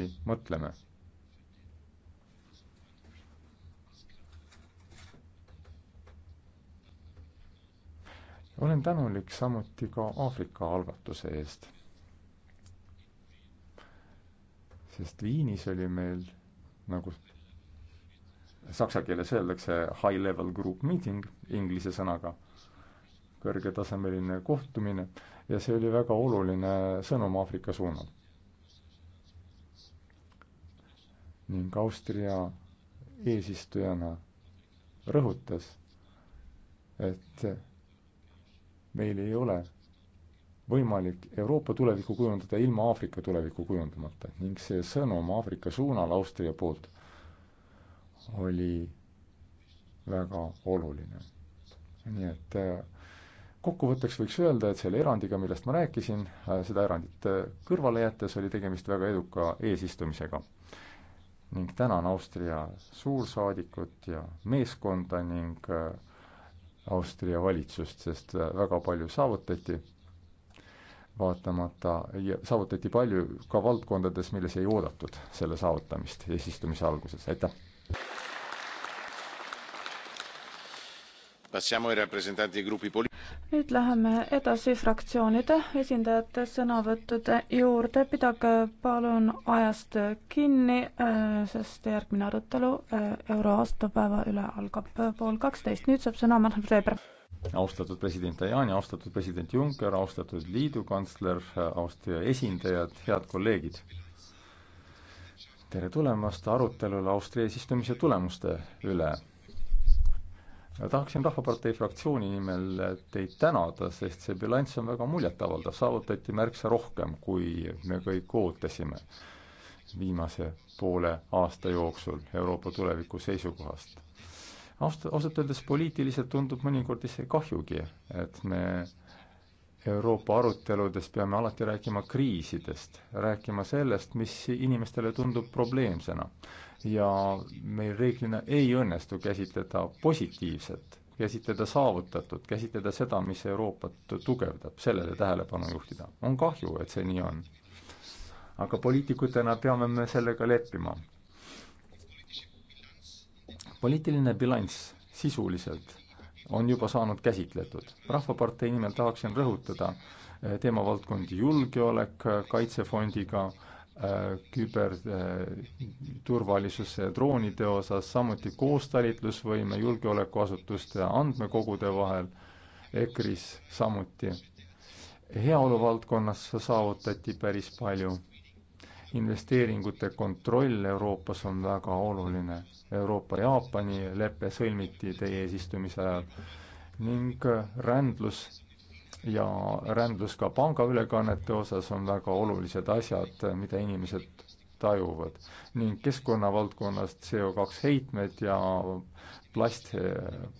uuesti mõtleme. olen tänulik samuti ka Aafrika algatuse eest. sest Viinis oli meil nagu saksa keeles öeldakse high level group meeting inglise sõnaga, kõrgetasemeline kohtumine ja see oli väga oluline sõnum Aafrika suunal ning Austria eesistujana rõhutas, et meil ei ole võimalik Euroopa tulevikku kujundada ilma Aafrika tulevikku kujundamata ning see sõnum Aafrika suunal Austria poolt oli väga oluline. nii et äh, kokkuvõtteks võiks öelda, et selle erandiga, millest ma rääkisin, äh, seda erandit äh, kõrvale jättes, oli tegemist väga eduka eesistumisega ning tänan Austria suursaadikut ja meeskonda ning äh, Austria valitsust, sest äh, väga palju saavutati, vaatamata, saavutati palju ka valdkondades, milles ei oodatud selle saavutamist eesistumise alguses, aitäh! passiamo ai rappresentanti dei gruppi politici nüüd läheme edasi fraktsioonide esindajate sõnavõttude juurde. pidage palun ajast kinni, äh, sest järgmine arutelu äh, euroaastapäeva üle algab äh, pool kaksteist. nüüd saab sõna Martin Reber. austatud president Tajani, austatud president Juncker, austatud liidukantsler, austatud esindajad, head kolleegid tere tulemast arutelule Austria eesistumise tulemuste üle tahaksin Rahvapartei fraktsiooni nimel teid tänada, sest see bilanss on väga muljetavaldav, saavutati märksa rohkem, kui me kõik ootasime viimase poole aasta jooksul Euroopa tuleviku seisukohast. Aust-, ausalt öeldes poliitiliselt tundub mõnikord isegi kahjugi, et me Euroopa aruteludes peame alati rääkima kriisidest, rääkima sellest, mis inimestele tundub probleemsena ja meil reeglina ei õnnestu käsitleda positiivset, käsitleda saavutatut, käsitleda seda, mis Euroopat tugevdab, sellele tähelepanu juhtida. on kahju, et see nii on. aga poliitikutena peame me sellega leppima. poliitiline bilanss sisuliselt on juba saanud käsitletud. rahvapartei nimel tahaksin rõhutada eh, teemavaldkondi julgeolek kaitsefondiga äh,, Äh, küberturvalisuse äh, droonide osas, samuti koostalitlusvõime julgeolekuasutuste andmekogude vahel, EKRE-s samuti. heaolu valdkonnas saavutati päris palju. investeeringute kontroll Euroopas on väga oluline. Euroopa-Jaapani lepe sõlmiti teie eesistumise ajal ning rändlus ja rändlus ka pangaülekannete osas on väga olulised asjad, mida inimesed tajuvad. ning keskkonnavaldkonnas CO2 heitmed ja plast,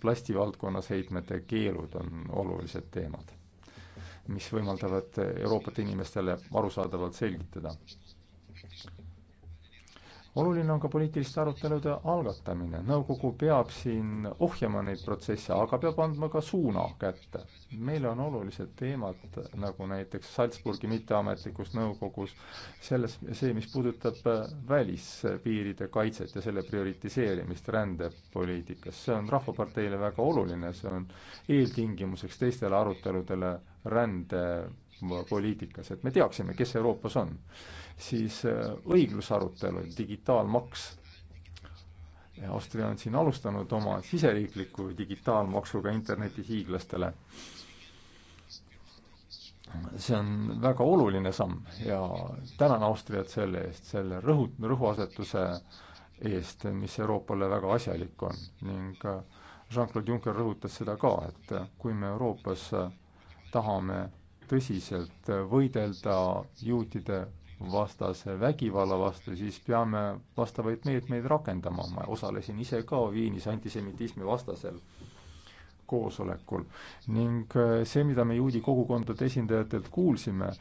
plasti valdkonnas heitmete keelud on olulised teemad, mis võimaldavad Euroopat inimestele arusaadavalt selgitada oluline on ka poliitiliste arutelude algatamine. nõukogu peab siin ohjama neid protsesse, aga peab andma ka suuna kätte. meile on olulised teemad, nagu näiteks Salzburgi mitteametlikus nõukogus, selles, see, mis puudutab äh, välispiiride kaitset ja selle prioritiseerimist rändepoliitikas. see on Rahvaparteile väga oluline, see on eeltingimuseks teistele aruteludele rände poliitikas, et me teaksime, kes Euroopas on. siis äh, õiglusarutelu, digitaalmaks. Austria on siin alustanud oma siseriikliku digitaalmaksuga internetihiiglastele. see on väga oluline samm ja tänan Austriat selle eest, selle rõhu, rõhuasetuse eest, mis Euroopale väga asjalik on ning äh, Jean-Claude Juncker rõhutas seda ka, et kui me Euroopas äh, tahame tõsiselt võidelda juutide vastase vägivalla vastu, siis peame vastavaid meetmeid rakendama. ma osalesin ise ka Viinis antisemitismi vastasel koosolekul ning äh, see, mida me juudi kogukondade esindajatelt kuulsime,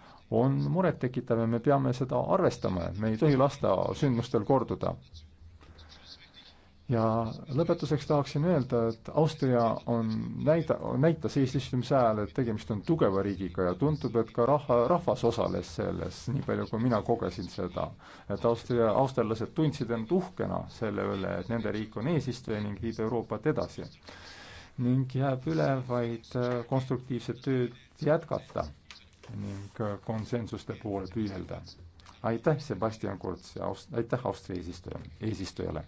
on murettekitav ja me peame seda arvestama, et me ei tohi lasta sündmustel korduda ja lõpetuseks tahaksin öelda, et Austria on näida, näitas eesistumise ajal, et tegemist on tugeva riigiga ja tundub, et ka rahva, rahvas osales selles, nii palju kui mina kogesin seda. et Austria, austerlased tundsid end uhkena selle üle, et nende riik on eesistuja ning viib Euroopat edasi. ning jääb üle vaid äh, konstruktiivset tööd jätkata ning äh, konsensuste poole püüelda. aitäh, Sebastian Kurz ja aust-, aitäh Austria eesistuja, eesistujale!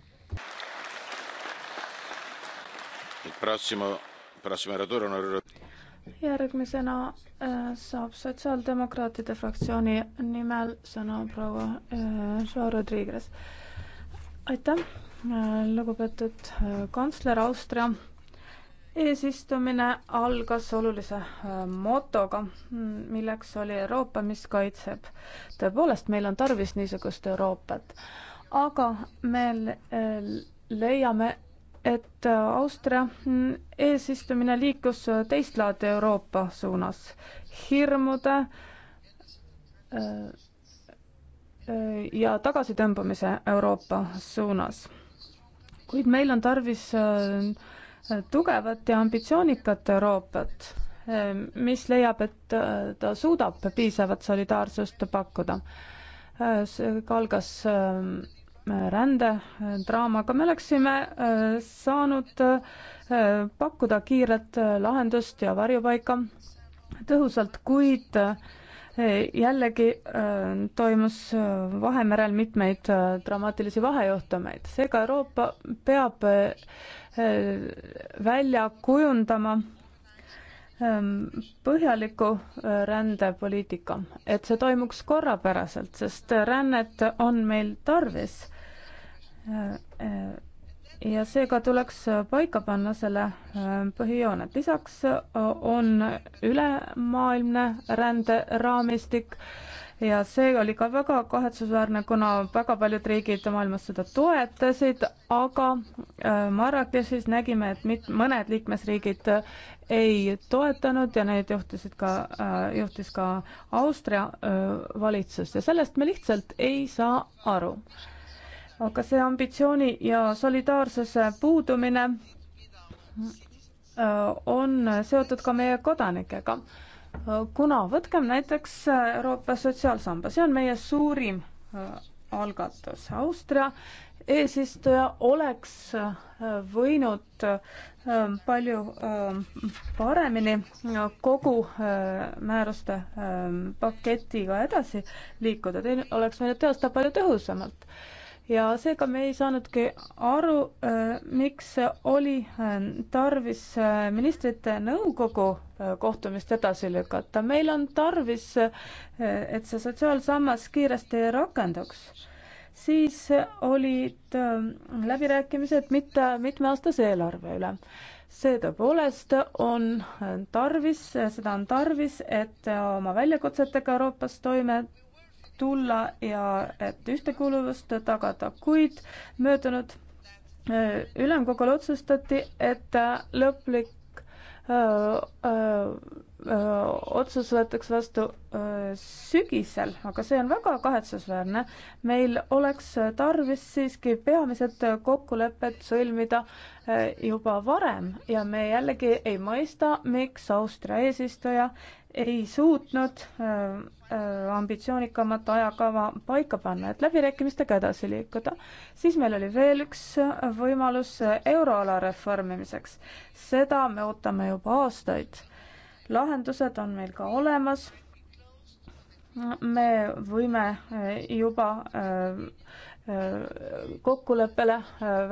järgmisena eh, saab sotsiaaldemokraatide fraktsiooni nimel sõna proua eh, Joao Rodriguez. aitäh, eh, lugupeetud kantsler, Austria eesistumine algas olulise motoga, mm, milleks oli Euroopa, mis kaitseb. tõepoolest, meil on tarvis niisugust Euroopat, aga me leiame, et äh, Austria mm, eesistumine liikus äh, teist laadi Euroopa suunas. hirmude äh, ja tagasitõmbumise Euroopa suunas. kuid meil on tarvis tugevat ja ambitsioonikat Euroopat, mis leiab, et ta suudab piisavat solidaarsust pakkuda. seega algas rändedraamaga, me oleksime äh, saanud äh, pakkuda kiiret äh, lahendust ja varjupaika tõhusalt, kuid jällegi toimus Vahemerel mitmeid dramaatilisi vahejuhtumeid, seega Euroopa peab välja kujundama ähm, põhjaliku rändepoliitika, et see toimuks korrapäraselt, sest rännet on meil tarvis Äh, äh, ja seega tuleks paika panna selle äh, põhijooned. lisaks on ülemaailmne ränderaamistik ja see oli ka väga kahetsusväärne, kuna väga paljud riigid maailmas seda toetasid, aga Marrakechis nägime, et mit-, mõned liikmesriigid ei toetanud ja neid juhtisid ka, juhtis ka Austria valitsus ja sellest me lihtsalt ei saa aru aga see ambitsiooni ja solidaarsuse puudumine äh, on seotud ka meie kodanikega. kuna, võtkem näiteks Euroopa Sotsiaalsamba, see on meie suurim äh, algatus. Austria eesistuja oleks äh, võinud palju paremini kogu määruste paketiga edasi liikuda, oleks võinud teostada palju tõhusamalt ja seega me ei saanudki aru, äh, miks oli äh, tarvis äh, ministrite nõukogu kohtumist edasi lükata. meil on tarvis, et see sotsiaalsammas kiiresti rakenduks. siis olid läbirääkimised mitte mitmeaastase eelarve üle see tõepoolest on tarvis, seda on tarvis, et oma väljakutsetega Euroopas toime tulla ja et ühtekuuluvust tagada, kuid möödunud äh, ülemkogul otsustati, et lõplik öö, äh, öö, äh, otsus võetakse vastu öö, sügisel, aga see on väga kahetsusväärne. meil oleks tarvis siiski peamised kokkulepped sõlmida öö, juba varem ja me jällegi ei mõista, miks Austria eesistuja ei suutnud öö, ambitsioonikamat ajakava paika panna, et läbirääkimistega edasi liikuda. siis meil oli veel üks võimalus euroala reformimiseks. seda me ootame juba aastaid lahendused on meil ka olemas. me võime e, juba e, e, kokkuleppele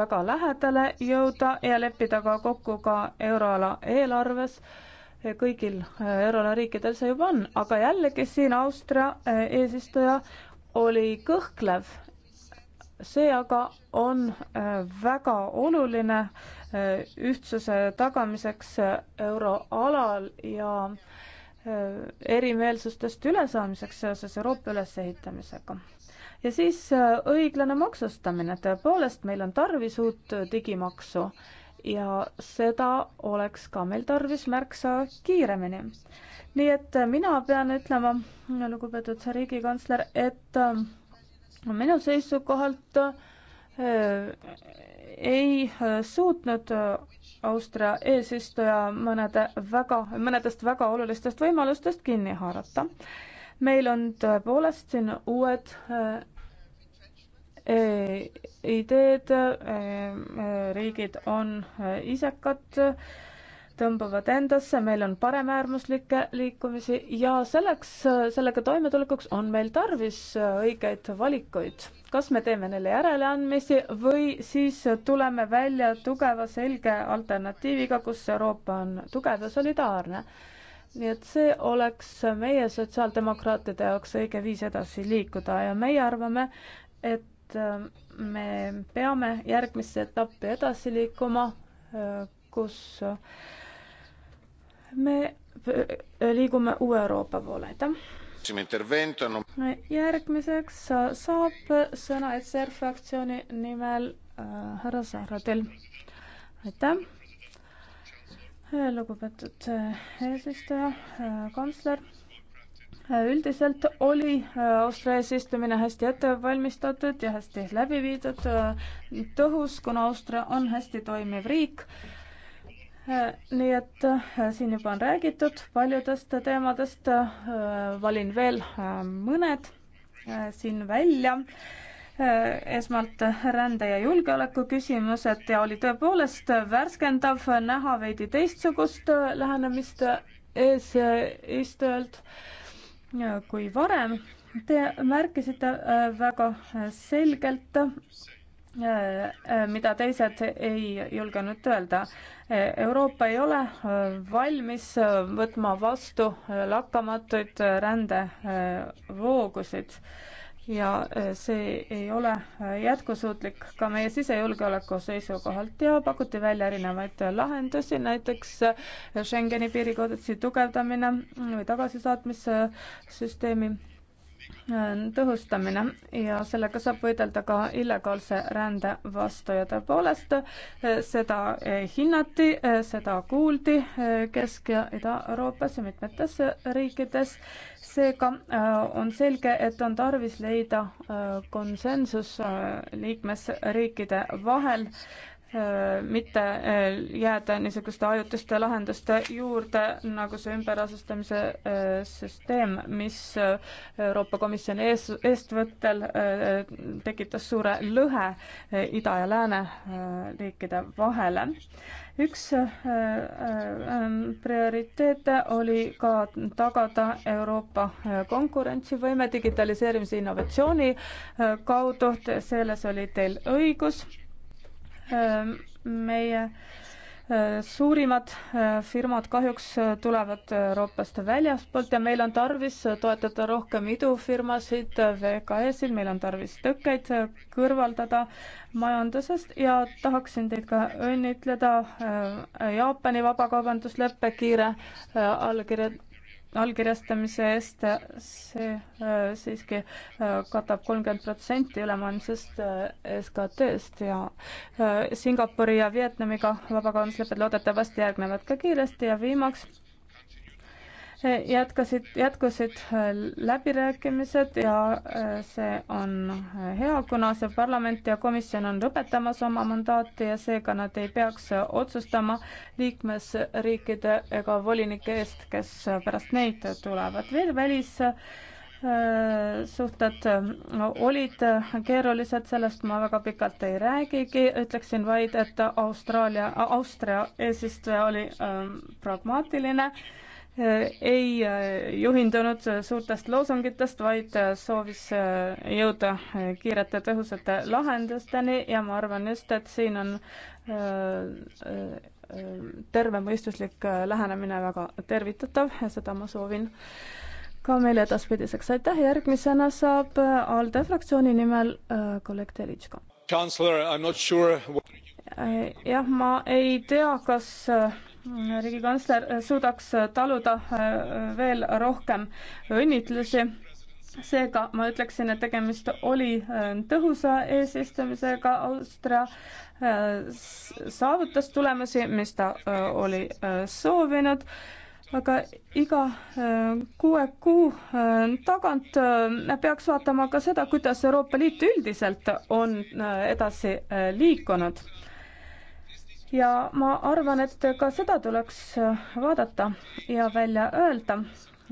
väga lähedale jõuda ja leppida ka kokku ka euroala eelarves kõigil euroala riikidel see juba on, aga jällegi siin Austria eesistuja oli kõhklev. see aga on väga oluline ühtsuse tagamiseks euroalal ja äh, erimeelsustest ülesaamiseks seoses Euroopa ülesehitamisega. ja siis äh, õiglane maksustamine, tõepoolest, meil on tarvis uut digimaksu ja seda oleks ka meil tarvis märksa kiiremini. nii et äh, mina pean ütlema, lugupeetud riigikantsler, et minu seisukohalt ei äh, suutnud äh, Austria eesistuja mõnede väga, mõnedest väga olulistest võimalustest kinni haarata. meil on tõepoolest siin uued äh, e, ideed, e, riigid on isekad, tõmbavad endasse, meil on paremäärmuslikke liikumisi ja selleks, sellega toimetulekuks on meil tarvis õigeid valikuid kas me teeme neile järeleandmisi või siis tuleme välja tugeva selge alternatiiviga, kus Euroopa on tugev ja solidaarne. nii et see oleks meie sotsiaaldemokraatide jaoks õige viis edasi liikuda ja meie arvame, et äh, me peame järgmisse etappi edasi liikuma, äh, kus äh, me liigume uue Euroopa poole, aitäh! järgmiseks saab sõna ECR fraktsiooni nimel äh, härra Sahradel. aitäh äh, lugupeetud äh, eesistuja, kantsler. üldiselt oli Austria eesistumine hästi ette valmistatud ja hästi läbi viidud, tõhus, kuna Austria on hästi toimiv riik Äh, nii et äh, siin juba on räägitud paljudest teemadest, äh, valin veel mõned siin välja. esmalt rände ja julgeoleku küsimused ja oli tõepoolest värskendav näha veidi teistsugust lähenemist eesistujalt kui varem. Te märkisite väga selgelt Äh, äh, mida teised ei julgenud öelda. Äh, Euroopa ei ole valmis võtma vastu lakkamatuid rändevoogusid ja see ei ole jätkusuutlik ka meie sisejulgeoleku seisukohalt ja pakuti välja erinevaid lahendusi, näiteks Schengeni piirikooditsi tugevdamine või tagasisaatmissüsteemi Äh, tõhustamine ja sellega saab võidelda ka illegaalse rände vastu ja tõepoolest äh, seda äh, hinnati, seda kuuldi Kesk- ja Ida-Euroopas ja mitmetes riikides. seega on selge, et on tarvis leida konsensus liikmesriikide vahel Äh, mitte äh, jääda niisuguste ajutiste lahenduste juurde, nagu see ümberasustamise äh, süsteem, mis Euroopa Komisjoni ees, eestvõttel tekitas suure lõhe ida ja lääne riikide vahele. üks ähm, prioriteete oli ka tagada Euroopa konkurentsivõime digitaliseerimise innovatsiooni kaudu, selles oli teil õigus meie äh, suurimad äh, firmad kahjuks äh, tulevad Euroopast väljaspoolt ja meil on tarvis toetada rohkem idufirmasid, VKS-il, meil on tarvis tõkkeid kõrvaldada majandusest ja tahaksin teid ka õnnitleda Jaapani vabakaubandusleppe kiire allkirja allkirjastamise eest, see äh, siiski äh, katab kolmkümmend protsenti ülemaailmsest äh, SKT-st ja Singapuri ja Vietnamiga vabakaubanduslepped loodetavasti järgnevad ka kiiresti ja viimaks jätkasid, jätkusid äh, läbirääkimised ja äh, see on äh, hea, kuna see parlament ja komisjon on lõpetamas oma mandaati ja seega nad ei peaks otsustama liikmesriikide ega volinike eest, kes pärast neid tulevad. veel välis suhted olid keerulised, sellest ma väga pikalt ei räägigi, ütleksin vaid, et Austraalia, Austria eesistuja oli pragmaatiline äh, Äh, ei äh, juhindunud suurtest loosungitest, vaid äh, soovis jõuda kiirete tõhusate lahendusteni ja ma arvan just, et siin on tervemõistuslik lähenemine väga tervitatav ja seda ma soovin ka meile edaspidiseks. aitäh, järgmisena saab ALDE fraktsiooni nimel kolleeg Telitško. jah, ma ei tea, kas riigikantsler suudaks taluda äh, veel rohkem õnnitlusi. seega ma ütleksin, et tegemist oli äh, tõhusa eesistumisega, Austria äh, saavutas tulemusi, mis ta oli soovinud aga iga kuue kuu tagant peaks vaatama ka seda, kuidas Euroopa Liit üldiselt on edasi liikunud ja ma arvan, et ka seda tuleks äh, vaadata ja välja öelda.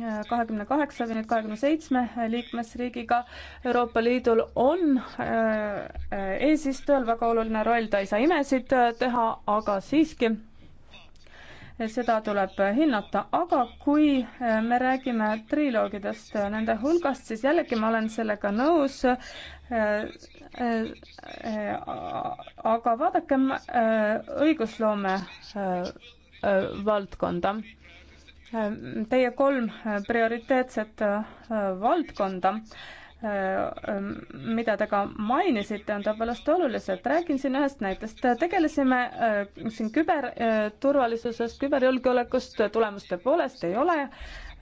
Äh, kahekümne kaheksa või nüüd kahekümne seitsme liikmesriigiga Euroopa Liidul on äh, eesistujal väga oluline roll, ta ei saa imesid teha, aga siiski seda tuleb hinnata, aga kui me räägime triloogidest nende hulgast, siis jällegi ma olen sellega nõus, aga vaadakem äh, õigusloome äh, äh, valdkonda. Teie kolm prioriteetset valdkonda, mida te ka mainisite, on tõepoolest olulised. räägin siin ühest näitest. tegelesime siin küberturvalisusest, küberjulgeolekust, tulemuste poolest ei ole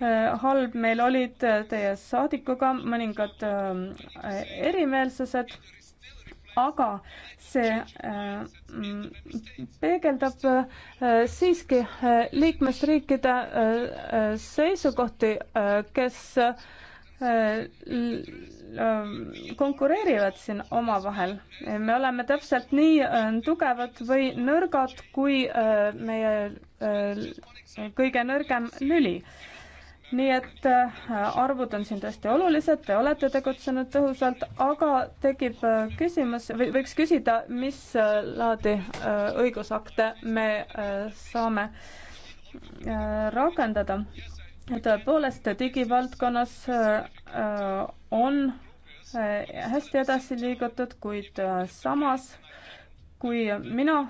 Äh, halb, meil olid äh, teie saadikuga mõningad äh, erimeelsused, aga see peegeldab siiski liikmesriikide seisukohti, kes konkureerivad siin omavahel. me oleme täpselt nii tugevad või nõrgad, kui meie kõige nõrgem lüli nii et äh, arvud on siin tõesti olulised, te olete tegutsenud tõhusalt, aga tekib äh, küsimus või võiks küsida, mis äh, laadi õigusakte me saame rakendada. tõepoolest digivaldkonnas on hästi edasi liigutud, kuid samas kui mina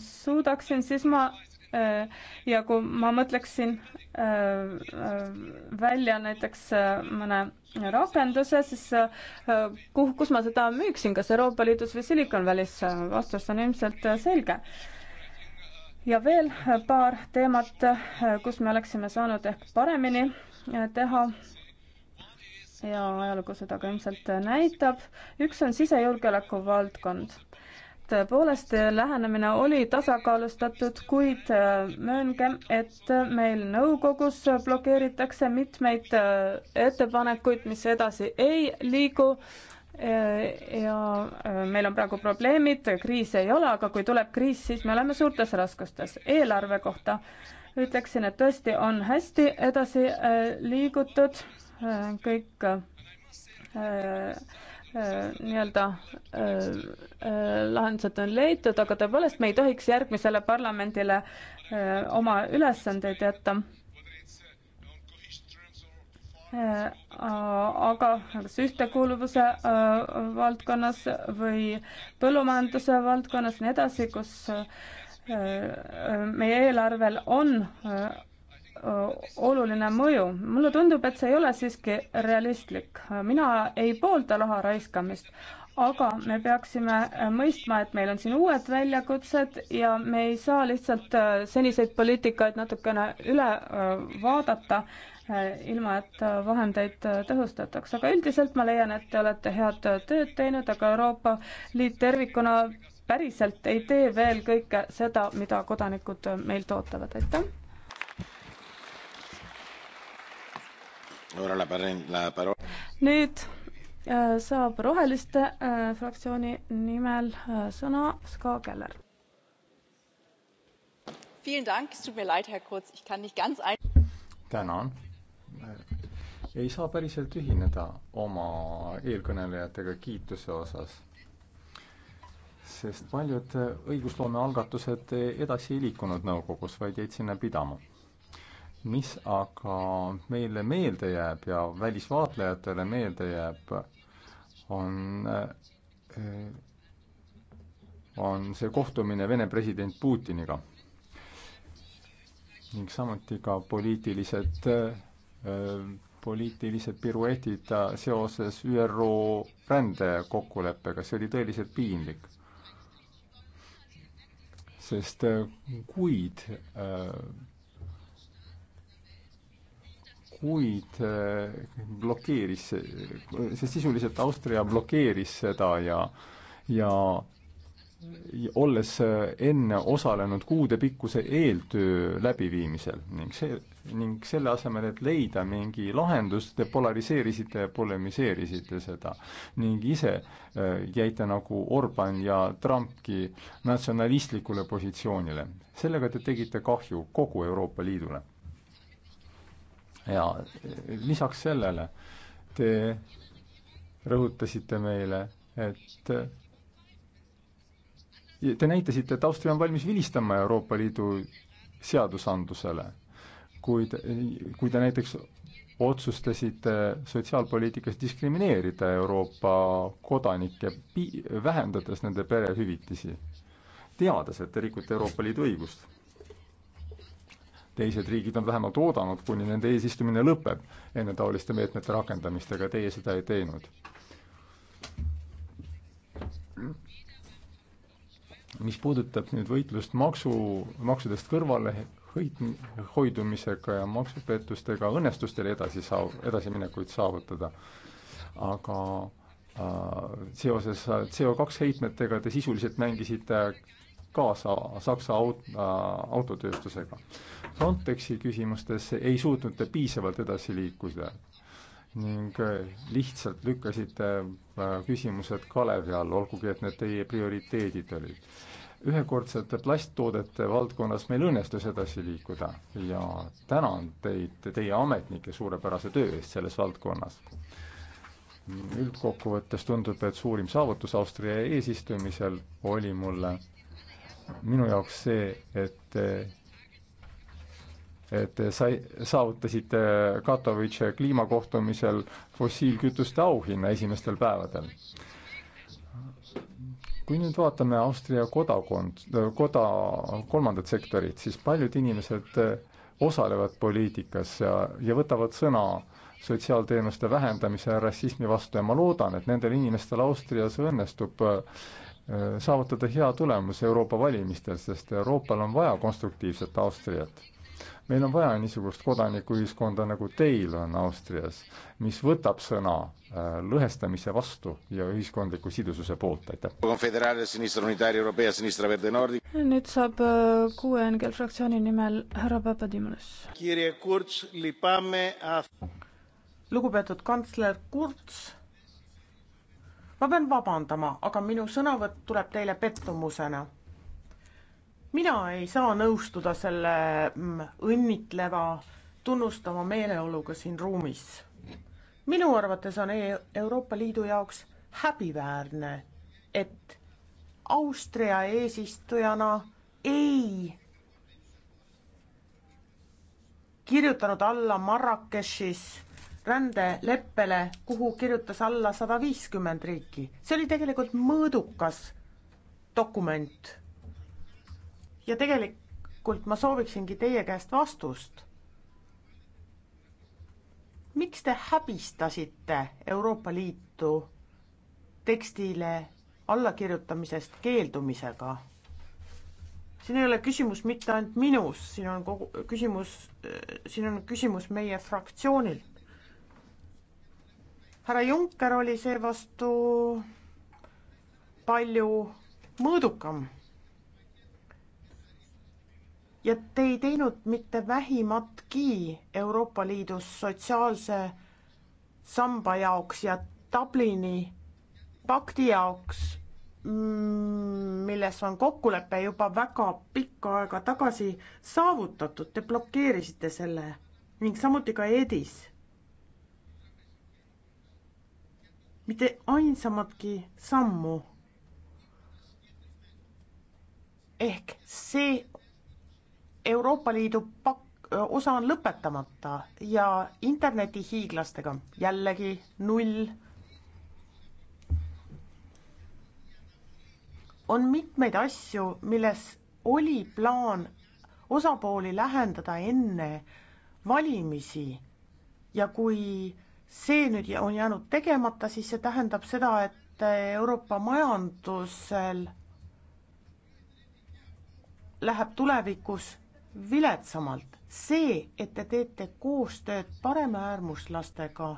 suudaksin, siis ma Äh, ja kui ma mõtleksin äh, äh, välja näiteks mõne rakenduse, siis kuhu, kus ma seda müüksin, kas Euroopa Liidus või Silicon Valley's, vastus on ilmselt selge. ja veel paar teemat, kus me oleksime saanud ehk paremini teha ja ajalugu seda ka ilmselt näitab. üks on sisejulgeoleku valdkond tõepoolest lähenemine oli tasakaalustatud, kuid äh, mööngem, et meil nõukogus blokeeritakse mitmeid äh, ettepanekuid, mis edasi ei liigu. Äh, ja meil on praegu probleemid, kriisi ei ole, aga kui tuleb kriis, siis me oleme suurtes raskustes. eelarve kohta ütleksin, et tõesti on hästi edasi liigutud, kõik Äh, nii-öelda äh, äh, lahendused on leitud, aga tõepoolest me ei tohiks järgmisele parlamendile oma ülesandeid jätta. aga kas ühtekuuluvuse valdkonnas või põllumajanduse valdkonnas, nii edasi, kus meie eelarvel on Äh, oluline mõju. mulle tundub, et see ei ole siiski realistlik. mina ei poolda raha raiskamist, aga me peaksime äh, mõistma, et meil on siin uued väljakutsed ja me ei saa lihtsalt äh, seniseid poliitikaid natukene üle vaadata, ilma et vahendeid tõhustataks, aga üldiselt ma leian, et te olete head tööd teinud, aga Euroopa Liit tervikuna päriselt ei tee veel kõike seda, mida kodanikud meilt ootavad, aitäh! nüüd äh, saab Roheliste äh, fraktsiooni nimel äh, sõna Ska Keller. tänan. ei saa päriselt ühineda oma eelkõnelejatega kiituse osas sest paljud õigusloome algatused edasi ei liikunud nõukogus, vaid jäid sinna pidama mis aga meile meelde jääb ja välisvaatlejatele meelde jääb, on, on see kohtumine Vene president Putiniga. ning samuti ka poliitilised, poliitilised piruetid seoses ÜRO rändekokkuleppega, see oli tõeliselt piinlik. sest kuid kuid eh, blokeeris, see sisuliselt Austria blokeeris seda ja, ja olles enne osalenud kuudepikkuse eeltöö läbiviimisel ning see, ning selle asemel, et leida mingi lahendus, te polariseerisite ja polemiseerisite seda. ning ise eh, jäite nagu Orban ja Trumpki natsionalistlikule positsioonile. sellega te tegite kahju kogu Euroopa Liidule ja lisaks sellele te rõhutasite meile, et te näitasite, et Austria on valmis vilistama Euroopa Liidu seadusandlusele, kuid kui te näiteks otsustasite sotsiaalpoliitikas diskrimineerida Euroopa kodanikke, vähendades nende perehüvitisi, teades, et te rikute Euroopa Liidu õigust teised riigid on vähemalt oodanud, kuni nende eesistumine lõpeb, enne taoliste meetmete rakendamist, aga teie seda ei teinud. mis puudutab nüüd võitlust maksu, maksudest kõrvale hõid-, hoidumisega ja maksupettustega õnnestus teil edasi saa-, edasiminekuid saavutada, aga äh, seoses äh, CO2 heitmetega te sisuliselt mängisite kaasa Saksa aut-, äh, autotööstusega. Frontexi küsimustes ei suutnud te piisavalt edasi liikuda ning äh, lihtsalt lükkasite äh, küsimused kalevi all, olgugi et need teie prioriteedid olid ühekordsete plasttoodete valdkonnas meil õnnestus edasi liikuda ja tänan teid, teie ametnikke suurepärase töö eest selles valdkonnas. üldkokkuvõttes tundub, et suurim saavutus Austria eesistumisel oli mulle minu jaoks see, et et sai, saavutasite Katowice kliimakohtumisel fossiilkütuste auhinna esimestel päevadel. kui nüüd vaatame Austria kodakond, koda, kolmandat sektorit, siis paljud inimesed osalevad poliitikas ja, ja võtavad sõna sotsiaalteenuste vähendamise ja rassismi vastu ja ma loodan, et nendel inimestel Austrias õnnestub äh, Äh, saavutada hea tulemus Euroopa valimistel, sest Euroopal on vaja konstruktiivset Austriat. meil on vaja niisugust kodanikuühiskonda, nagu teil on Austrias, mis võtab sõna äh, lõhestamise vastu ja ühiskondliku sidususe poolt, aitäh. nüüd saab äh, kuue NGL fraktsiooni nimel härra Papadimulis. lugupeetud kantsler Kurz ma pean vabandama, aga minu sõnavõtt tuleb teile pettumusena. mina ei saa nõustuda selle mm, õnnitleva, tunnustava meeleoluga siin ruumis. minu arvates on e Euroopa Liidu jaoks häbiväärne, et Austria eesistujana ei kirjutanud alla Marrakechis rändeleppele, kuhu kirjutas alla sada viiskümmend riiki. see oli tegelikult mõõdukas dokument. ja tegelikult ma sooviksingi teie käest vastust. miks te häbistasite Euroopa Liitu tekstile allakirjutamisest keeldumisega? siin ei ole küsimus mitte ainult minus, siin on kogu küsimus, äh, siin on küsimus meie fraktsioonilt härra Juncker oli seevastu palju mõõdukam. ja te ei teinud mitte vähimatki Euroopa Liidus sotsiaalse samba jaoks ja Dublini pakti jaoks, mm, milles on kokkulepe juba väga pikka aega tagasi saavutatud, te blokeerisite selle ning samuti ka EDIS mitte ainsamatki sammu. ehk see Euroopa Liidu pakk, osa on lõpetamata ja internetihiiglastega jällegi null. on mitmeid asju, milles oli plaan osapooli lähendada enne valimisi ja kui see nüüd on jäänud tegemata, siis see tähendab seda, et Euroopa majandusel läheb tulevikus viletsamalt. see, et te teete koostööd paremäärmuslastega,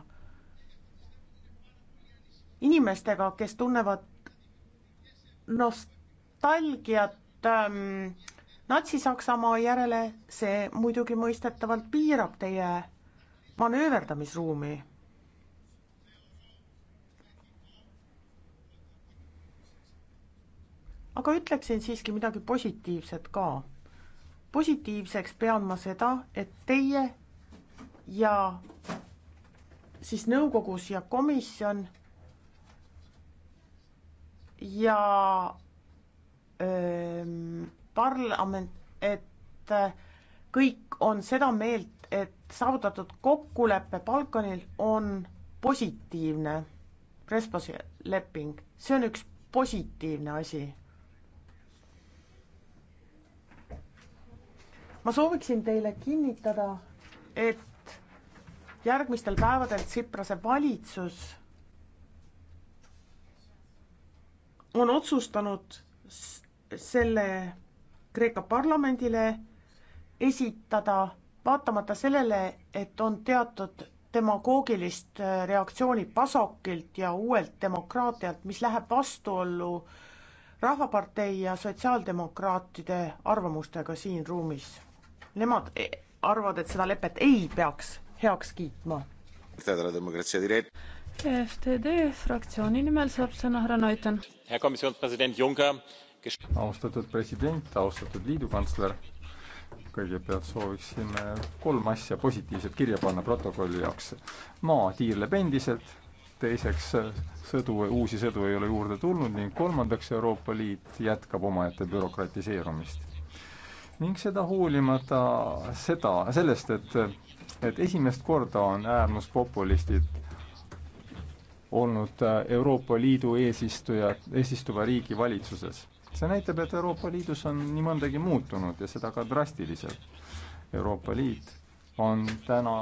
inimestega, kes tunnevad nostalgiat ähm, Natsi-Saksamaa järele, see muidugi mõistetavalt piirab teie manööverdamisruumi aga ütleksin siiski midagi positiivset ka. positiivseks pean ma seda, et teie ja siis nõukogus ja komisjon ja öö, ähm, parlament, et äh, kõik on seda meelt, et saavutatud kokkulepe Balkanil on positiivne, Prespasi leping, see on üks positiivne asi ma sooviksin teile kinnitada, et järgmistel päevadel Tsiprase valitsus on otsustanud selle Kreeka parlamendile esitada, vaatamata sellele, et on teatud demagoogilist äh, reaktsiooni Pasokilt ja uuelt demokraatialt, mis läheb vastuollu Rahvapartei ja sotsiaaldemokraatide arvamustega siin ruumis nemad arvavad, et seda lepet ei peaks heaks kiitma. FTD fraktsiooni nimel saab sõna härra Neuten. austatud president, austatud liidukantsler, kõigepealt sooviksime kolm asja positiivset kirja panna protokolli jaoks. maa tiirleb endiselt, teiseks sõdu, uusi sõdu ei ole juurde tulnud ning kolmandaks Euroopa Liit jätkab omaette bürokratiseerumist ning seda hoolimata seda, sellest, et et esimest korda on äärmuspopulistid olnud Euroopa Liidu eesistuja, eesistuva riigi valitsuses. see näitab, et Euroopa Liidus on nii mõndagi muutunud ja seda ka drastiliselt. Euroopa Liit on täna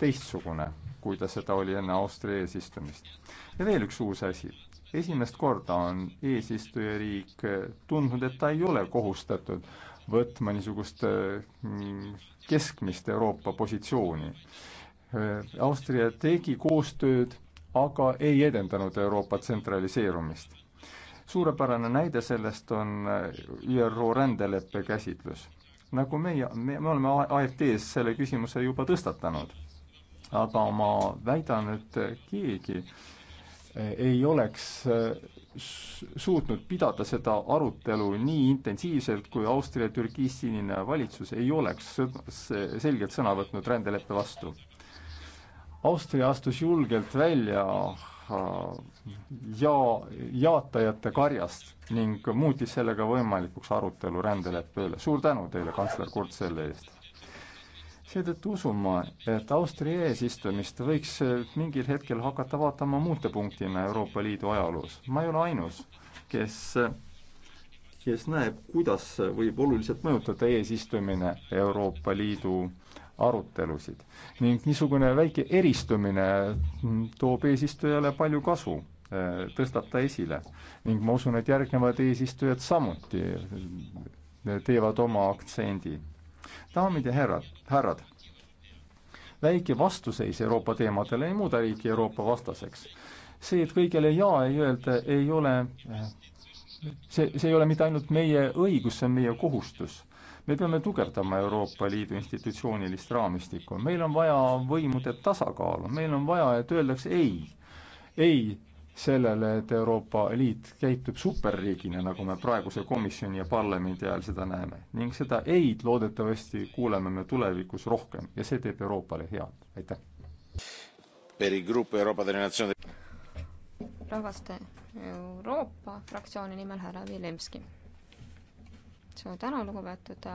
teistsugune, kui ta seda oli enne Austria eesistumist. ja veel üks uus asi. esimest korda on eesistujariik tundnud, et ta ei ole kohustatud võtma niisugust äh, keskmist Euroopa positsiooni. Äh, Austria tegi koostööd, aga ei edendanud Euroopa tsentraliseerumist. suurepärane näide sellest on äh, ÜRO rändeleppe käsitlus. nagu meie, me, me oleme AFD-s selle küsimuse juba tõstatanud, aga ma väidan, et keegi äh, ei oleks äh, suutnud pidada seda arutelu nii intensiivselt, kui Austria ja Türgi sinine valitsus ei oleks selgelt sõna võtnud rändeleppe vastu. Austria astus julgelt välja äh, ja jaatajate karjast ning muutis sellega võimalikuks arutelu rändeleppe üle. suur tänu teile, kantsler Kurt, selle eest! seetõttu usun ma, et Austria eesistumist võiks mingil hetkel hakata vaatama muutepunktina Euroopa Liidu ajaloos. ma ei ole ainus, kes, kes näeb, kuidas võib oluliselt mõjutada eesistumine Euroopa Liidu arutelusid. ning niisugune väike eristumine toob eesistujale palju kasu tõstab ta esile. ning ma usun, et järgnevad eesistujad samuti teevad oma aktsendi. daamid ja härrad, härrad, väike vastuseis Euroopa teemadele ei muuda riiki Euroopa vastaseks. see, et kõigele jaa ei öelda, ei ole, see, see ei ole mitte ainult meie õigus, see on meie kohustus me peame tugevdama Euroopa Liidu institutsioonilist raamistikku, meil on vaja võimude tasakaalu, meil on vaja, et öeldakse ei, ei sellele, et Euroopa Liit käitub superriigina, nagu me praeguse komisjoni ja parlamendi ajal seda näeme. ning seda ei-d loodetavasti kuuleme me tulevikus rohkem ja see teeb Euroopale head, aitäh! rahvaste Euroopa fraktsiooni nimel härra Viljemski suur tänu, lugupeetud äh,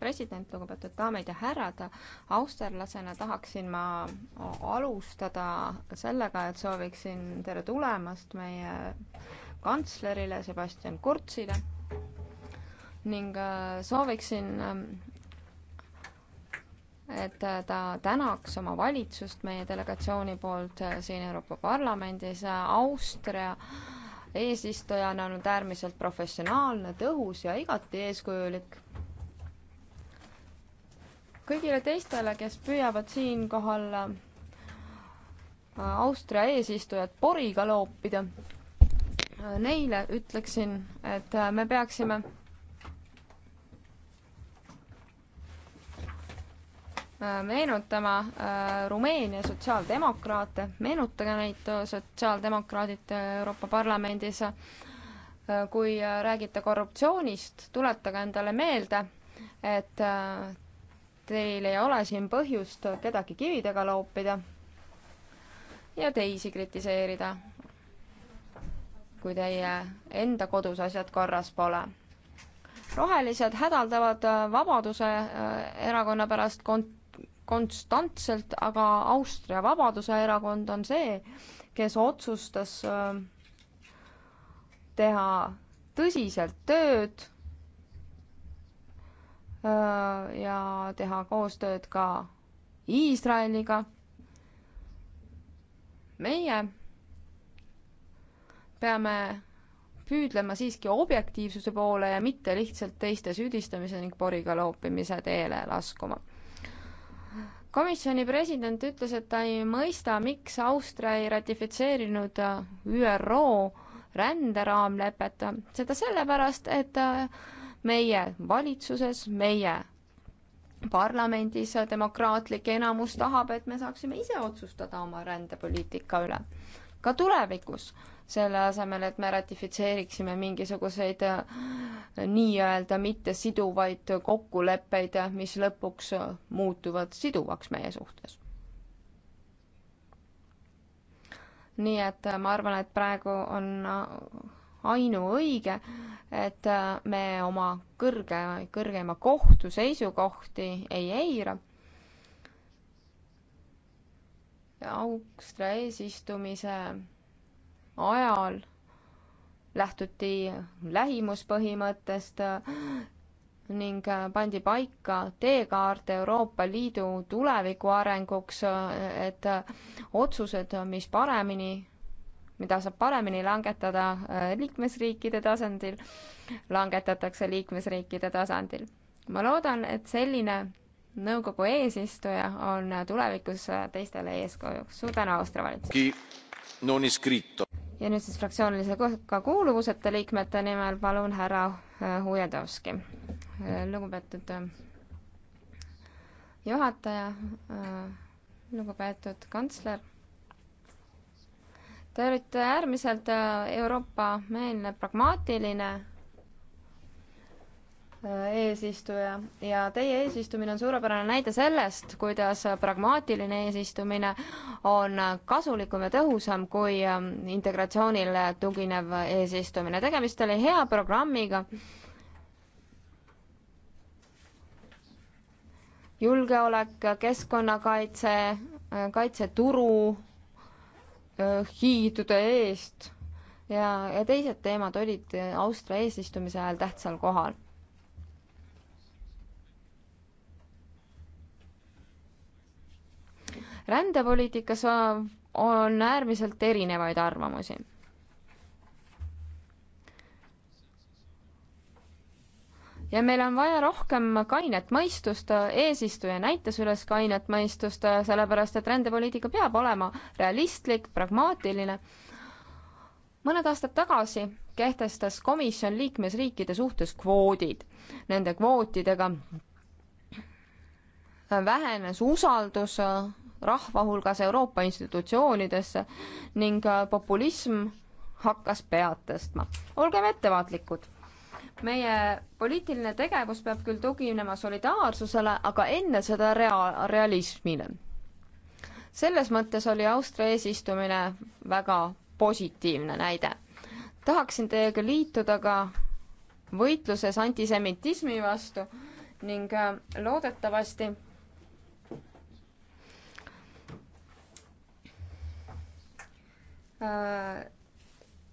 president, lugupeetud daamid ja härrad. austerlasena tahaksin ma alustada sellega, et sooviksin tere tulemast meie kantslerile Sebastian Kurzile ning äh, sooviksin, äh, et ta tänaks oma valitsust meie delegatsiooni poolt siin Euroopa Parlamendis. Austria eesistuja on olnud äärmiselt professionaalne, tõhus ja igati eeskujulik. kõigile teistele, kes püüavad siinkohal äh, Austria eesistujat poriga loopida, äh, neile ütleksin, et äh, me peaksime Äh, meenutama äh, Rumeenia sotsiaaldemokraate, meenutage neid äh, sotsiaaldemokraadid Euroopa Parlamendis. kui räägite korruptsioonist, tuletage endale meelde, et teil ei ole siin põhjust kedagi kividega loopida ja teisi kritiseerida, kui teie enda kodus asjad korras pole rohelised hädaldavad Vabaduse erakonna pärast kont-, konstantselt, aga Austria Vabaduse Erakond on see, kes otsustas äh, teha tõsiselt tööd äh, ja teha koostööd ka Iisraeliga. meie peame püüdlema siiski objektiivsuse poole ja mitte lihtsalt teiste süüdistamise ning poriga loopimise teele laskuma komisjoni president ütles, et ta ei mõista, miks Austria ei ratifitseerinud äh, ÜRO ränderaamlepet, seda sellepärast, et äh, meie valitsuses, meie parlamendis demokraatlik enamus tahab, et me saaksime ise otsustada oma rändepoliitika üle, ka tulevikus selle asemel, et me ratifitseeriksime mingisuguseid äh, nii-öelda mittesiduvaid kokkuleppeid, mis lõpuks muutuvad siduvaks meie suhtes. nii et äh, ma arvan, et praegu on äh, ainuõige, et me oma kõrge, kõrgema kohtu seisukohti ei eira Austria eesistumise ajal lähtuti lähimuspõhimõttest ning pandi paika teekaart Euroopa Liidu tuleviku arenguks, et otsused, mis paremini, mida saab paremini langetada liikmesriikide tasandil, langetatakse liikmesriikide tasandil. ma loodan, et selline nõukogu eesistuja on tulevikus teistele eeskujuks. suur tänu, Austria valitsus! ja nüüd siis fraktsioonilise ka kuuluvuseta liikmete nimel palun härra äh, Ujedovski. Äh, lugupeetud äh, juhataja, lugupeetud kantsler. Te olite äärmiselt Euroopa-meelne, pragmaatiline eesistuja ja teie eesistumine on suurepärane näide sellest, kuidas pragmaatiline eesistumine on kasulikum ja tõhusam kui ähm, integratsioonile tuginev eesistumine. tegemist oli hea programmiga. julgeolek, keskkonnakaitse, äh, kaitseturu, äh, hiidude eest ja, ja teised teemad olid Austria eesistumise ajal tähtsal kohal rändepoliitikas on äärmiselt erinevaid arvamusi. ja meil on vaja rohkem kainet mõistust, eesistuja näitas üles kainet mõistust, sellepärast et rändepoliitika peab olema realistlik, pragmaatiline. mõned aastad tagasi kehtestas komisjon liikmesriikide suhtes kvoodid. Nende kvootidega vähenes usaldus rahva hulgas Euroopa institutsioonidesse ning äh, populism hakkas pead tõstma. olgem ettevaatlikud. meie poliitiline tegevus peab küll tuginema solidaarsusele, aga enne seda rea-, realismile. selles mõttes oli Austria eesistumine väga positiivne näide. tahaksin teiega liituda ka võitluses antisemitismi vastu ning äh, loodetavasti Äh,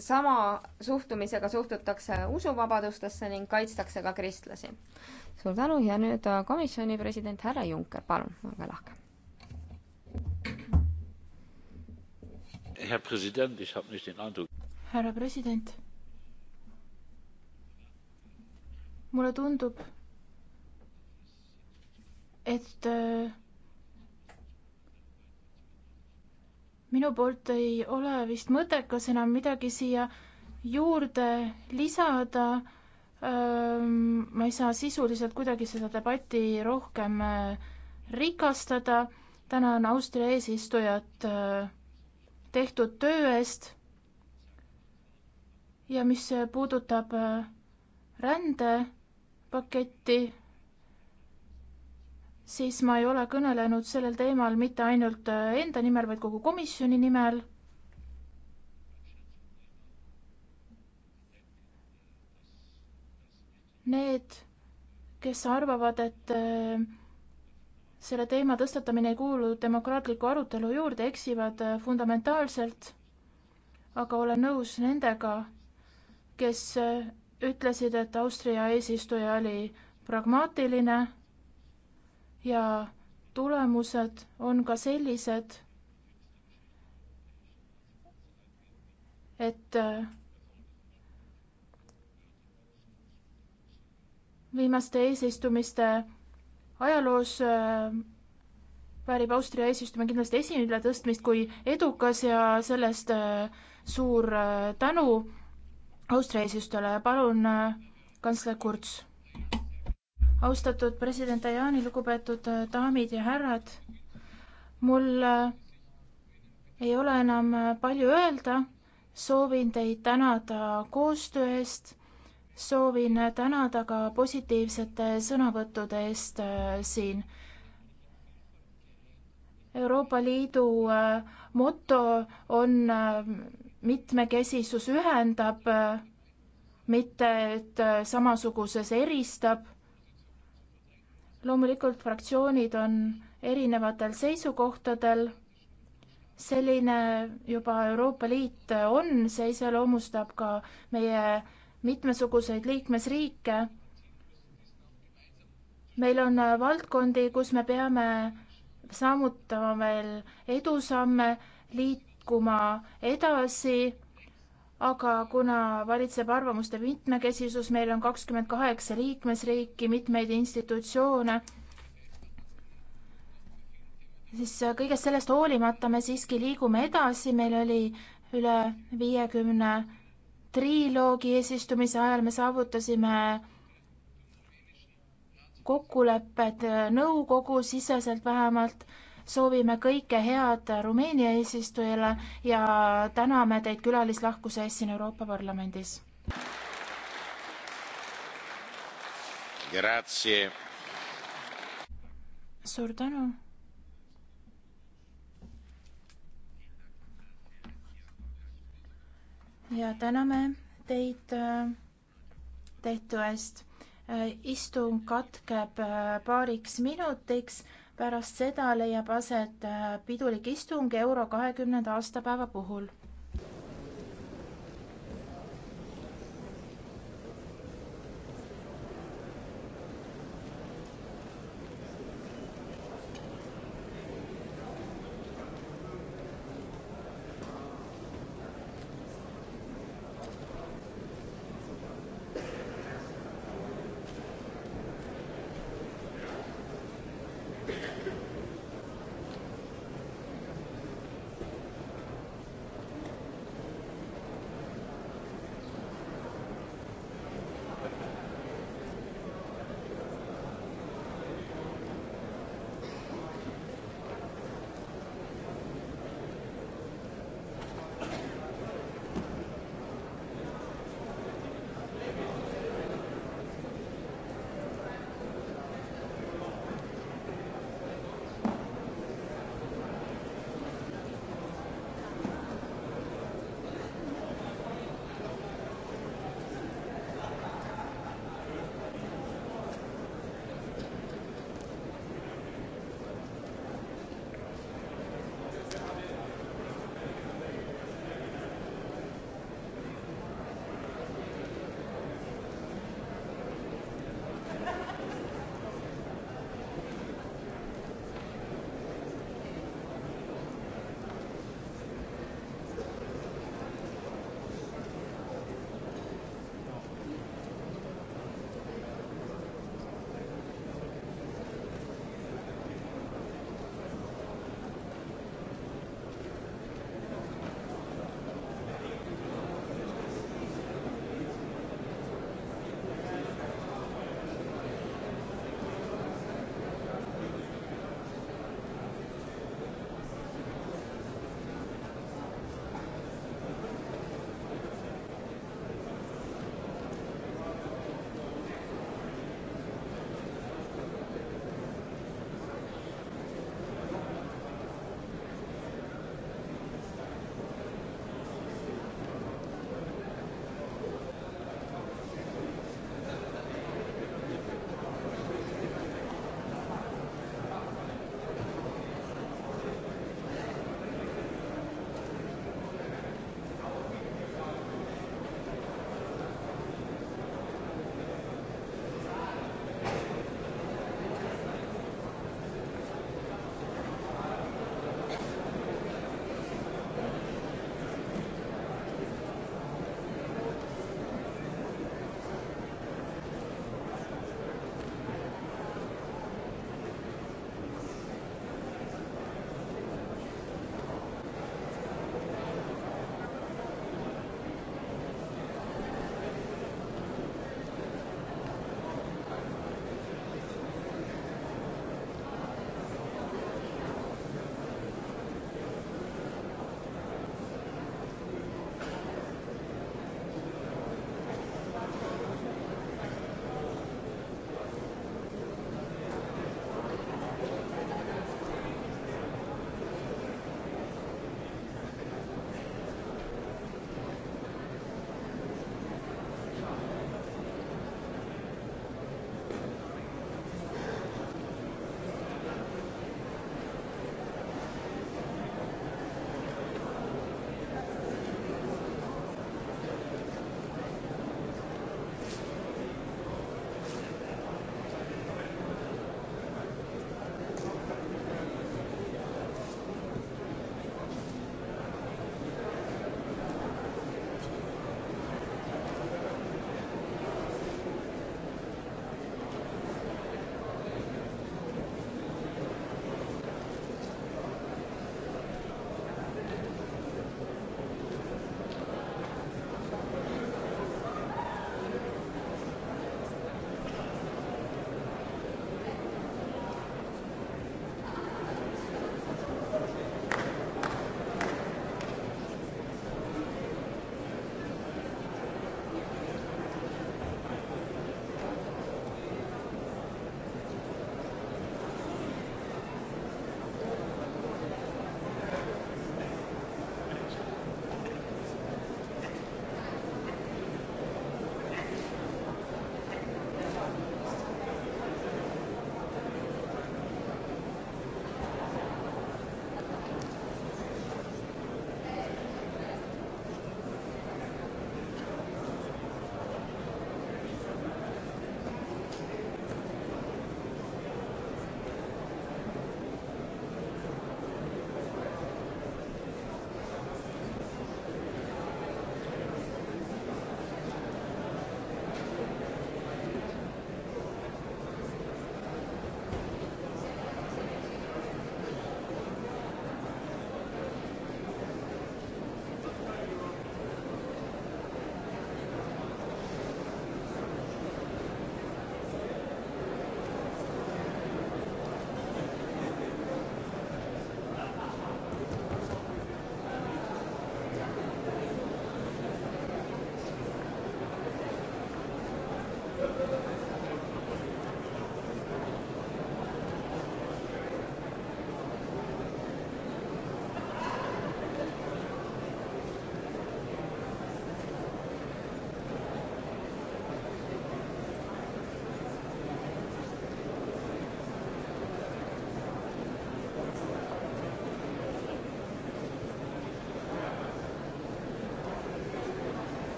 sama suhtumisega suhtutakse usuvabadustesse ning kaitstakse ka kristlasi. suur tänu ja nüüd äh, komisjoni president härra Juncker, palun, olge lahke. härra president, ich hab nicht den Eindruck. härra president. mulle tundub, et äh, minu poolt ei ole vist mõttekas enam midagi siia juurde lisada. ma ei saa sisuliselt kuidagi seda debatti rohkem rikastada. tänan Austria eesistujat tehtud töö eest. ja mis puudutab rändepaketti siis ma ei ole kõnelenud sellel teemal mitte ainult äh, enda nimel, vaid kogu komisjoni nimel. Need, kes arvavad, et äh, selle teema tõstatamine ei kuulu demokraatliku arutelu juurde, eksivad äh, fundamentaalselt, aga olen nõus nendega, kes ütlesid, et Austria eesistuja oli pragmaatiline ja tulemused on ka sellised, et äh, viimaste eesistumiste ajaloos äh, väärib Austria eesistumine kindlasti esile tõstmist kui edukas ja sellest äh, suur tänu Austria eesistujale. palun, kantsler Kurz austatud president Tajani, lugupeetud äh, daamid ja härrad. mul äh, ei ole enam äh, palju öelda, soovin teid tänada koostöö eest, soovin tänada ka positiivsete sõnavõttude eest siin. Euroopa Liidu moto on mitmekesisus ühendab, mitte et samasuguses eristab loomulikult fraktsioonid on erinevatel seisukohtadel, selline juba Euroopa Liit on, see iseloomustab ka meie mitmesuguseid liikmesriike. meil on valdkondi, kus me peame saavutama veel edusamme, liikuma edasi aga kuna valitseb arvamuste mitmekesisus, meil on kakskümmend kaheksa liikmesriiki, mitmeid institutsioone, siis kõigest sellest hoolimata me siiski liigume edasi, meil oli üle viiekümne triloogi eesistumise ajal me saavutasime kokkulepped nõukogu siseselt vähemalt soovime kõike head Rumeenia eesistujale ja täname teid külalislahkuse eest siin Euroopa Parlamendis. suur tänu. ja täname teid äh, tehtu eest. Äh, istung katkeb äh, paariks minutiks pärast seda leiab aset äh, pidulik istung euro kahekümnenda aastapäeva puhul.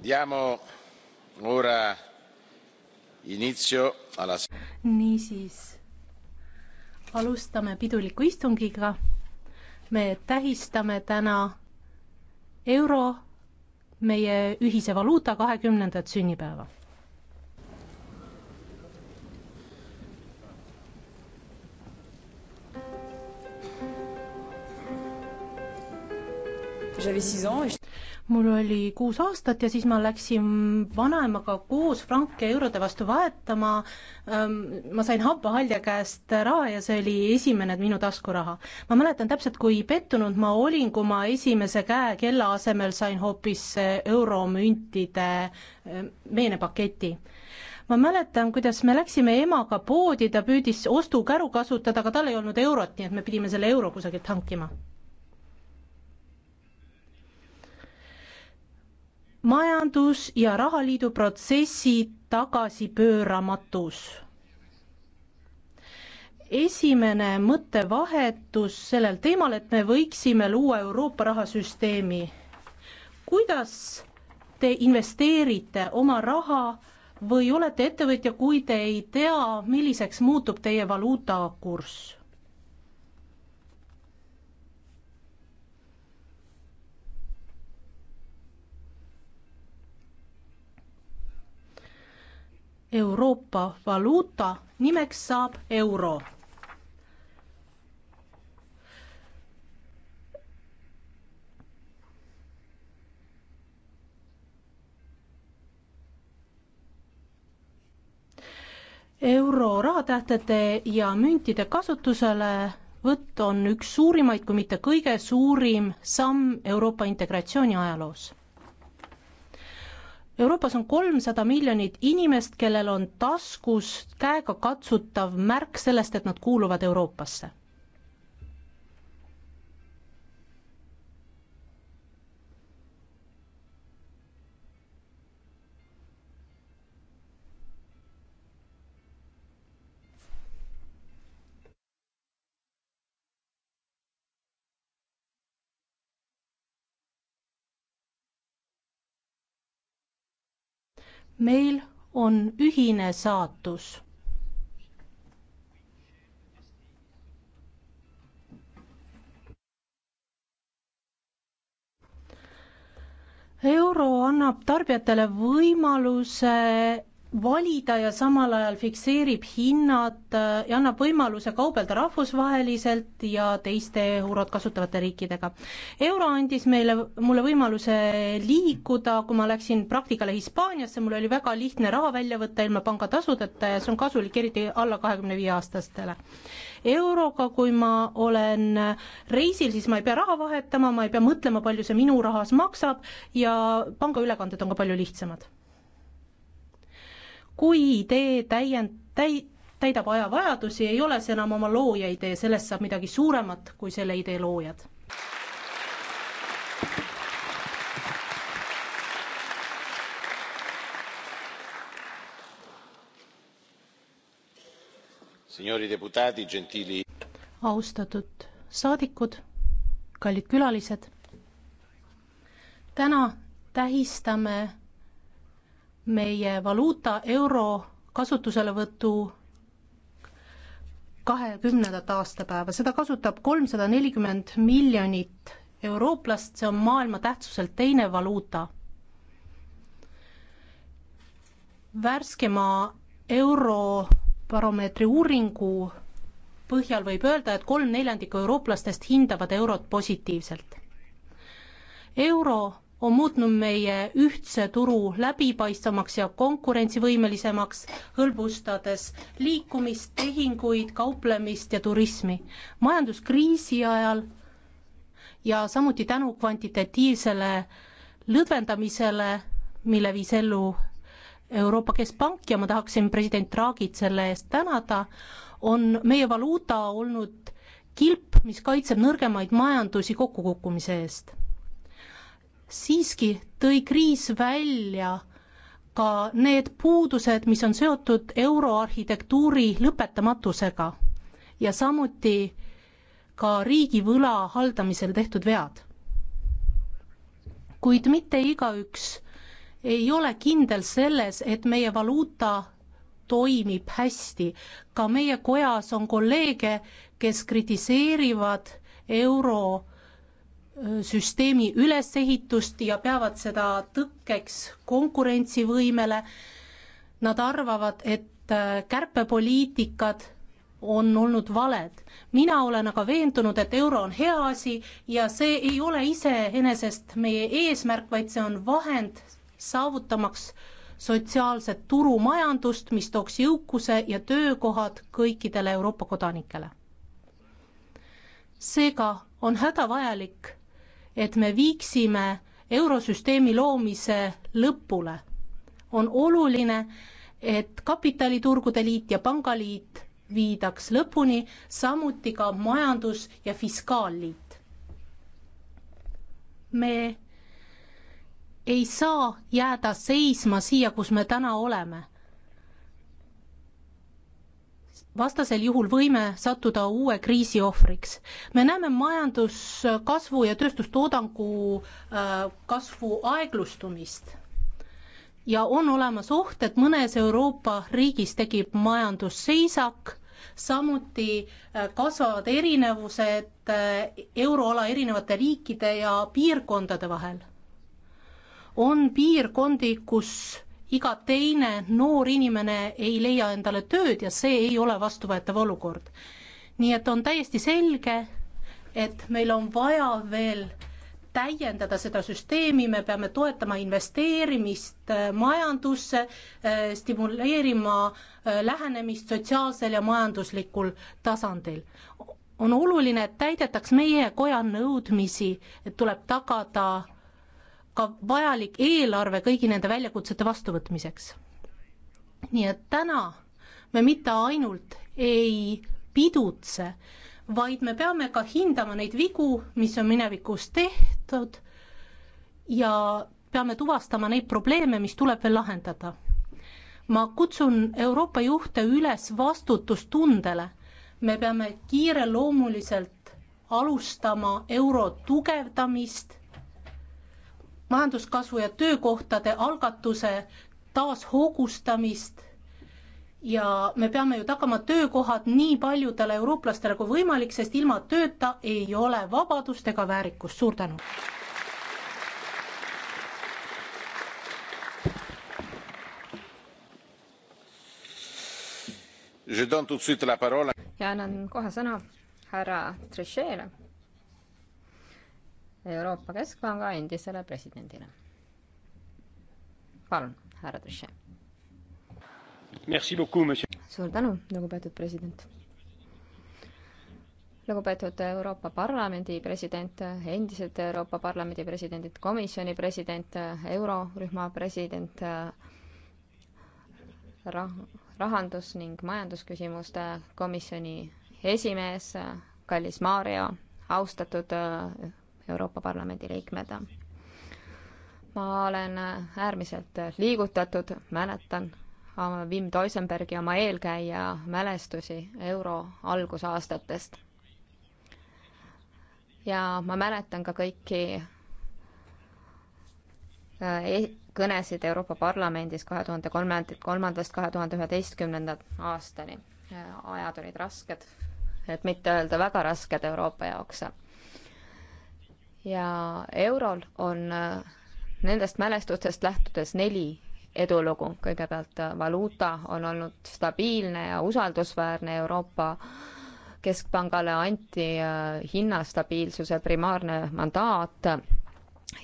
diamo ora inizio alla niisiis alustame piduliku istungiga me tähistame täna euro meie ühise valuuta kahekümnendat sünnipäeva J'avais six ans et mul oli kuus aastat ja siis ma läksin vanaemaga koos franke eurode vastu vahetama. Ähm, ma sain hambahalja käest raha ja see oli esimene minu taskuraha. ma mäletan täpselt, kui pettunud ma olin, kui ma esimese käe kella asemel sain hoopis äh, euromüntide äh, meenepaketi ma mäletan, kuidas me läksime emaga poodi, ta püüdis ostukäru kasutada, aga tal ei olnud eurot, nii et me pidime selle euro kusagilt hankima majandus- ja rahaliidu protsessi tagasipööramatus. esimene mõttevahetus sellel teemal, et me võiksime luua Euroopa rahasüsteemi. kuidas te investeerite oma raha või olete ettevõtja, kui te ei tea, milliseks muutub teie valuutakurss? Euroopa valuuta nimeks saab euro. euro rahatähtede ja müntide kasutuselevõtt on üks suurimaid, kui mitte kõige suurim samm Euroopa integratsiooni ajaloos Euroopas on kolmsada miljonit inimest, kellel on taskus käegakatsutav märk sellest, et nad kuuluvad Euroopasse. meil on ühine saatus. euro annab tarbijatele võimaluse valida ja samal ajal fikseerib hinnad äh, ja annab võimaluse kaubelda rahvusvaheliselt ja teiste eurot kasutavate riikidega. euro andis meile, mulle võimaluse liikuda, kui ma läksin praktikale Hispaaniasse, mul oli väga lihtne raha välja võtta ilma pangatasudeta ja see on kasulik eriti alla kahekümne viie aastastele. euroga, kui ma olen reisil, siis ma ei pea raha vahetama, ma ei pea mõtlema, palju see minu rahas maksab ja pangaülekanded on ka palju lihtsamad kui idee täiend-, täi-, täidab aja vajadusi, ei ole see enam oma looja idee, sellest saab midagi suuremat kui selle idee loojad. austatud saadikud, kallid külalised, täna tähistame meie valuuta euro kasutuselevõtu kahekümnendat aastapäeva, seda kasutab kolmsada nelikümmend miljonit eurooplast, see on maailma tähtsuselt teine valuuta. värskema Eurobaromeetri uuringu põhjal võib öelda, et kolm neljandikku eurooplastest hindavad eurot positiivselt. euro on muutnud meie ühtse turu läbipaistvamaks ja konkurentsivõimelisemaks, hõlbustades liikumist, tehinguid, kauplemist ja turismi. majanduskriisi ajal ja samuti tänu kvantitatiivsele lõdvendamisele, mille viis ellu Euroopa Keskpank ja ma tahaksin president Draghit selle eest tänada, on meie valuuta olnud kilp, mis kaitseb nõrgemaid majandusi kokkukukkumise eest siiski tõi kriis välja ka need puudused, mis on seotud euroarhitektuuri lõpetamatusega ja samuti ka riigivõla haldamisel tehtud vead. kuid mitte igaüks ei ole kindel selles, et meie valuuta toimib hästi. ka meie kojas on kolleege, kes kritiseerivad euro Äh, süsteemi ülesehitust ja peavad seda tõkkeks konkurentsivõimele. Nad arvavad, et äh, kärpepoliitikad on olnud valed. mina olen aga veendunud, et euro on hea asi ja see ei ole iseenesest meie eesmärk, vaid see on vahend saavutamaks sotsiaalset turumajandust, mis tooks jõukuse ja töökohad kõikidele Euroopa kodanikele. seega on hädavajalik et me viiksime eurosüsteemi loomise lõpule. on oluline, et kapitaliturgude liit ja pangaliit viidaks lõpuni, samuti ka majandus- ja fiskaalliit. me ei saa jääda seisma siia, kus me täna oleme vastasel juhul võime sattuda uue kriisi ohvriks. me näeme majanduskasvu ja tööstustoodangu äh, kasvu aeglustumist ja on olemas oht, et mõnes Euroopa riigis tekib majandusseisak, samuti äh, kasvavad erinevused äh, euroala erinevate riikide ja piirkondade vahel. on piirkondi, kus iga teine noor inimene ei leia endale tööd ja see ei ole vastuvõetav olukord. nii et on täiesti selge, et meil on vaja veel täiendada seda süsteemi, me peame toetama investeerimist äh, majandusse, äh, stimuleerima äh, lähenemist sotsiaalsel ja majanduslikul tasandil. on oluline, et täidetaks meie koja nõudmisi, et tuleb tagada ka vajalik eelarve kõigi nende väljakutsete vastuvõtmiseks. nii et täna me mitte ainult ei pidutse, vaid me peame ka hindama neid vigu, mis on minevikus tehtud ja peame tuvastama neid probleeme, mis tuleb veel lahendada. ma kutsun Euroopa juhte üles vastutustundele. me peame kiireloomuliselt alustama euro tugevdamist majanduskasvu ja töökohtade algatuse taashoogustamist ja me peame ju tagama töökohad nii paljudele eurooplastele kui võimalik, sest ilma tööta ei ole vabadust ega väärikust, suur tänu. ja annan kohe sõna härra Trichet'le Euroopa Keskpanga endisele presidendile. palun, härra Trichet. suur tänu, lugupeetud president. lugupeetud Euroopa Parlamendi president, endised Euroopa Parlamendi presidendid, komisjoni president, eurorühma president, rah-, rahandus- ning majandusküsimuste komisjoni esimees, kallis Mario, austatud Euroopa Parlamendi liikmed. ma olen äärmiselt liigutatud, mäletan Wim Toisenbergi, oma eelkäija mälestusi euro algusaastatest. ja ma mäletan ka kõiki äh, e-, kõnesid Euroopa Parlamendis kahe tuhande kolmandat, kolmandast kahe tuhande üheteistkümnenda aastani. Äh, ajad olid rasked, et mitte öelda väga rasked Euroopa jaoks ja Eurol on äh, nendest mälestustest lähtudes neli edulugu. kõigepealt äh, valuuta on olnud stabiilne ja usaldusväärne Euroopa Keskpangale anti äh, hinnastabiilsuse primaarne mandaat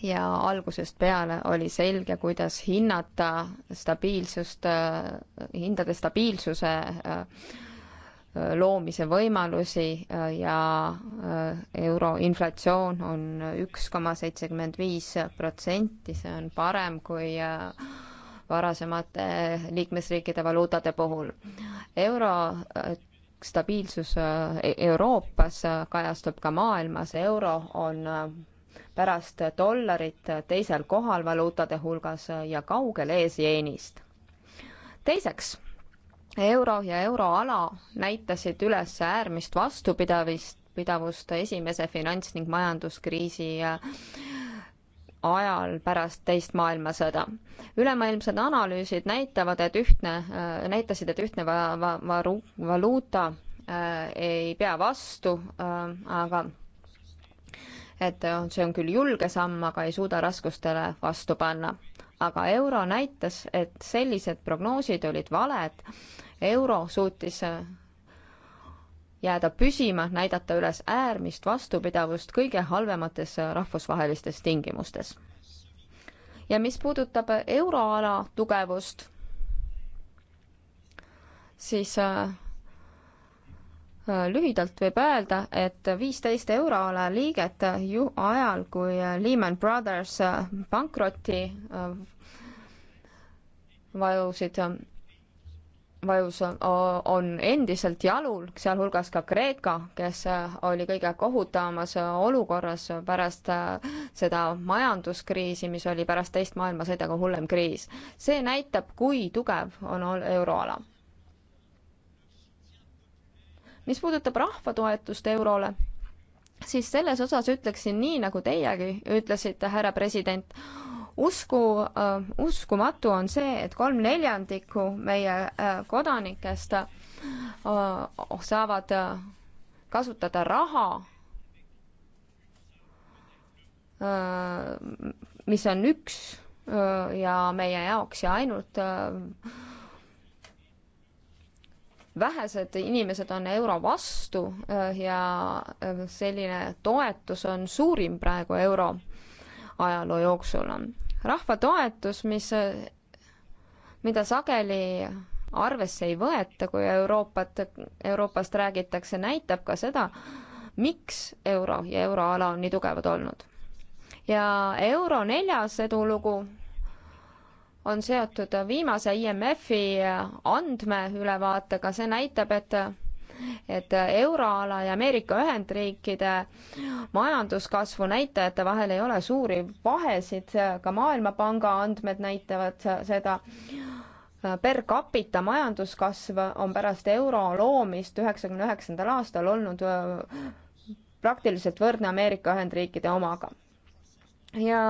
ja algusest peale oli selge, kuidas hinnata stabiilsust, hindade stabiilsuse äh, loomise võimalusi äh, ja äh, euro inflatsioon on üks koma seitsekümmend viis protsenti, see on parem kui äh, varasemate liikmesriikide valuutade puhul. euro stabiilsus Euroopas kajastub ka maailmas, euro on pärast dollarit teisel kohal valuutade hulgas ja kaugel ees jeenist. teiseks euro ja euroala näitasid üles äärmist vastupidavist, pidavust esimese finants- ning majanduskriisi äh, ajal pärast teist maailmasõda. ülemaailmsed analüüsid näitavad, et ühtne, äh, näitasid, et ühtne va-, va-, varu-, valuuta äh, ei pea vastu äh,, aga et see on küll julge samm, aga ei suuda raskustele vastu panna. aga euro näitas, et sellised prognoosid olid valed euro suutis äh, jääda püsima, näidata üles äärmist vastupidavust kõige halvemates äh, rahvusvahelistes tingimustes. ja mis puudutab äh, euroala tugevust, siis lühidalt võib öelda, et viisteist euroala liiget ju ajal, kui Lehman Brothers pankrotti vajusid, vajus on endiselt jalul, sealhulgas ka Kreeka, kes äh, oli kõige kohutavamas äh, olukorras pärast äh, seda majanduskriisi, mis oli pärast teist maailmasõda ka hullem kriis. see näitab, kui tugev on euroala. mis puudutab rahva toetust eurole, siis selles osas ütleksin nii, nagu teiegi ütlesite, härra president usku äh,, uskumatu on see, et kolm neljandikku meie äh, kodanikest äh, saavad äh, kasutada raha äh,, mis on üks äh, ja meie jaoks ja ainult äh, vähesed inimesed on euro vastu äh, ja äh, selline toetus on suurim praegu euro ajaloo jooksul rahva toetus, mis, mida sageli arvesse ei võeta, kui Euroopat, Euroopast räägitakse, näitab ka seda, miks euro ja euroala on nii tugevad olnud. ja euro neljas edulugu on seotud viimase IMF-i andmeülevaatega, see näitab, et et euroala ja Ameerika Ühendriikide majanduskasvu näitajate vahel ei ole suuri vahesid, ka Maailmapanga andmed näitavad seda. Per capita majanduskasv on pärast euro loomist üheksakümne üheksandal aastal olnud äh, praktiliselt võrdne Ameerika Ühendriikide omaga. ja